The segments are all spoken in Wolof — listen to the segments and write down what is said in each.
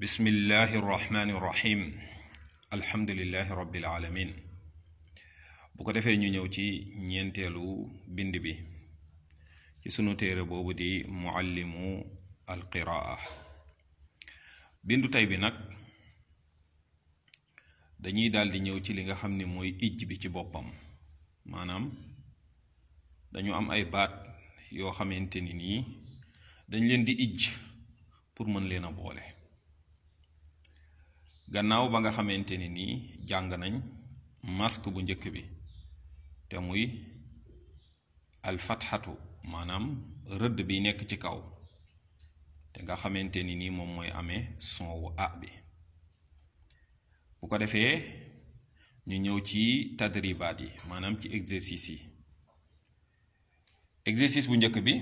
bismillahi irrahmani irrahim alhamdulilahi rabbil alamin bu ko defee ñu ñëw ci ñeenteelu bind bi ci sunu téere boobu di muallimu alqiraa bindu tey bi nag dañuy daldi ñëw ci li nga xam ni mooy ijj bi ci boppam maanaam dañu am ay baat yoo xamante ni nii dañ leen di ijj pour mën leen a boole gannaaw ba nga xamante ni nii jàng nañ masque bu njëkk bi te muy alfatxatu maanaam rëdd bi nekk ci kaw te nga xamante ni nii moom mooy amee son wu a bi bu ko defee ñu ñëw ci tadribaat yi maanaam ci exercice yi exercice bu njëkk bi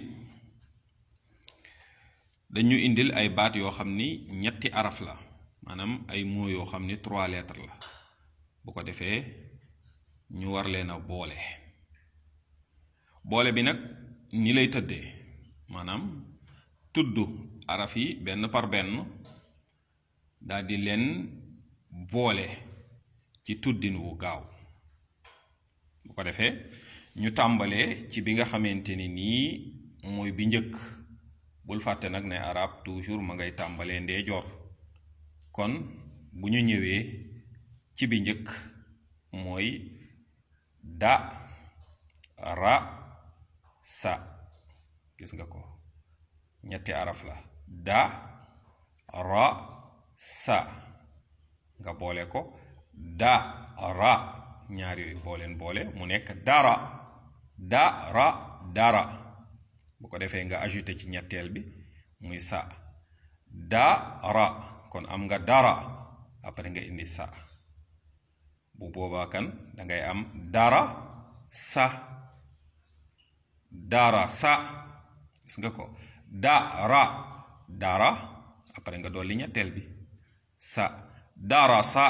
dañu indil ay baat yoo xam ni ñetti araf la maanaam ay mots yoo xam ni trois lettres la bu ko defee ñu war leen boole boole bi nag ni lay tëddee maanaam tudd araf yi benn par benn daldi leen boole ci tuddin wu gaaw bu ko defee ñu tàmbalee ci bi nga xamante ni nii mooy bi njëkk bul fàtte nag ne arab toujours ma ngay tàmbalee ndeyjoor kon bu ñu ñëwee ci bi njëkk mooy da ra sa gis nga ko ñetti araf la da ra sa nga boole ko da ra ñaar yooyu booleen boole mu nekk dara da ra dara bu ko defee nga ajute ci ñetteel bi muy sa da ra kon am nga dara après nga indi sa bu boba kan da ngay am dara sa dara sa gis nga ko dara dara après nga dolli ñetteel bi sa dara sa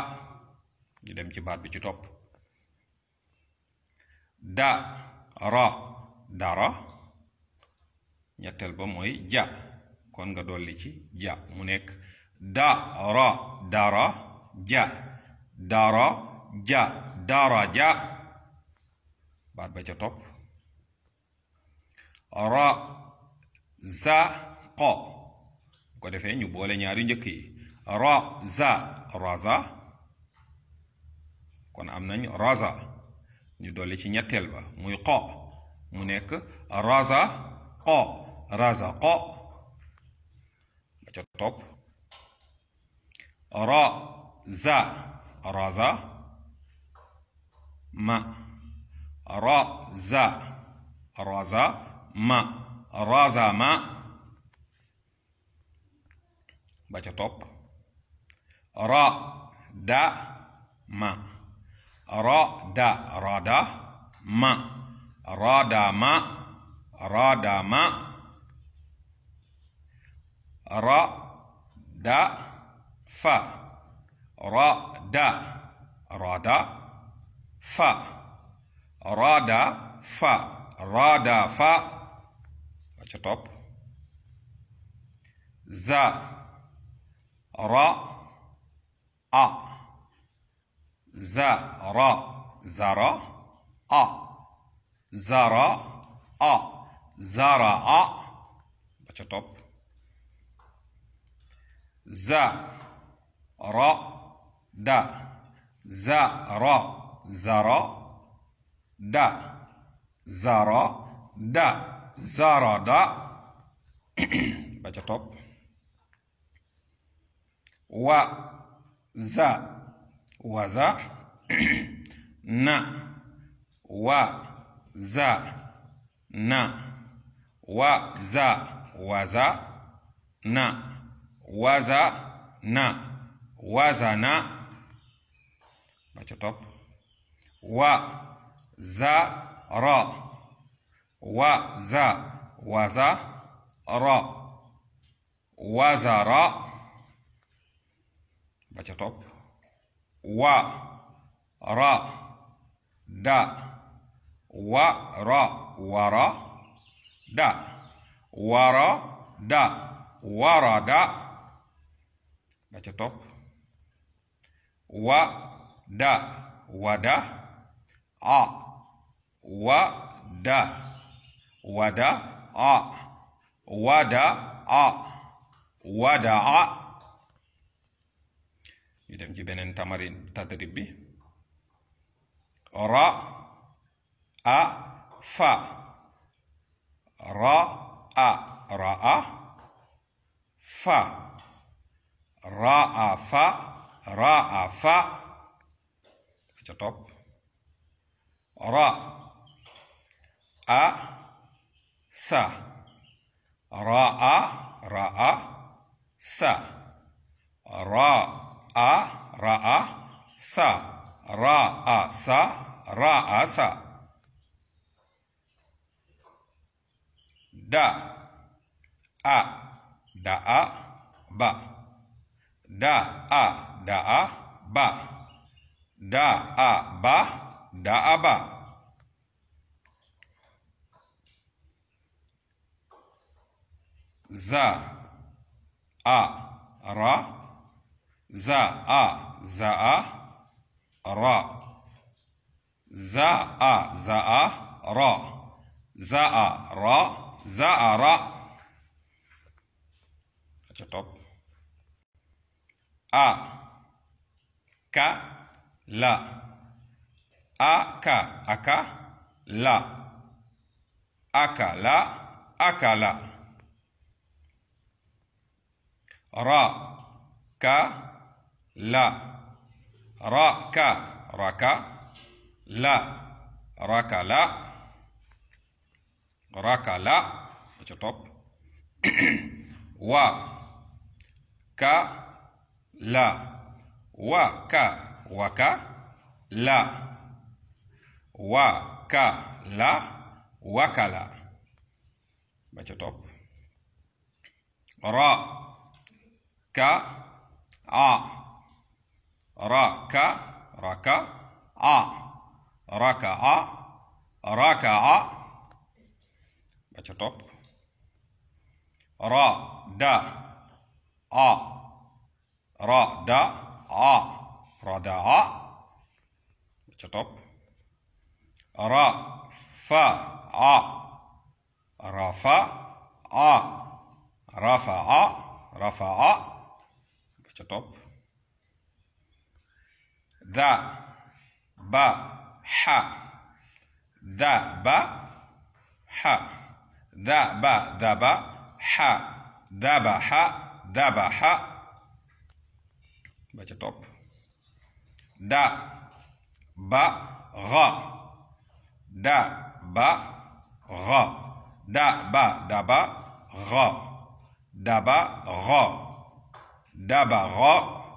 ñu dem ci baat bi ci top da ra dara ñettel ba moy ja kon nga doli ci ja mu nek dara dara ja dara ja daraja baat ba ca topp ra za qo bu ko defee ñu boole ñaari njëkk yi ra za raza kon am nañ raza ñu dolli ci ñetteel ba muy qo mu nekk raza qo raza qo ba ca topp raza raza ma raza raza ma raza ma baca top ra da ma ra da rada ma rada ma rada ma ra da ف راد رادا ف رادا ف رادا ف baca top za ra a za ra zara a zara a zara a baca top za ra da za ra zara da zara da zara da baca top wa za wa za na wa za na wa za wa za na wa za na wazana ba ca topp wa zara wa za waza ra wazara ba ca topp wa ra da wa ra wara da wara da wara da ba ca topp wa da wada a wa da wada a wada a wada a idem ci benen tamarin tadrib bi ra a fa ra a ra a fa ra a fa ra'afa Baca top ra a sa ra a ra a sa ra a ra a sa ra a sa ra a sa da a da a ba da a da'a ba da'a ba da'a ba za a ra za a za a ra za a za a ra za a ra za a ra cetop a la aka aka la la, aka la, ra ka la ra ka raka la la, raka la, aja top wa ka la wa ka wa ka la wa ka la wakala baca top ra ka a ra ka ka a ka a ka a baca top ra da a ra da a radaa baca top ra fa a rafa a rafa a rafa a baca top ذا با ح ذا با ح ذا با ذا با ح ذا با ح ذا با ح باتي توب دا با غا دا با غا دا با دا با غا دا با غا دا با غا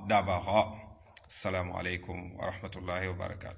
دا با غا السلام عليكم ورحمة الله وبركاته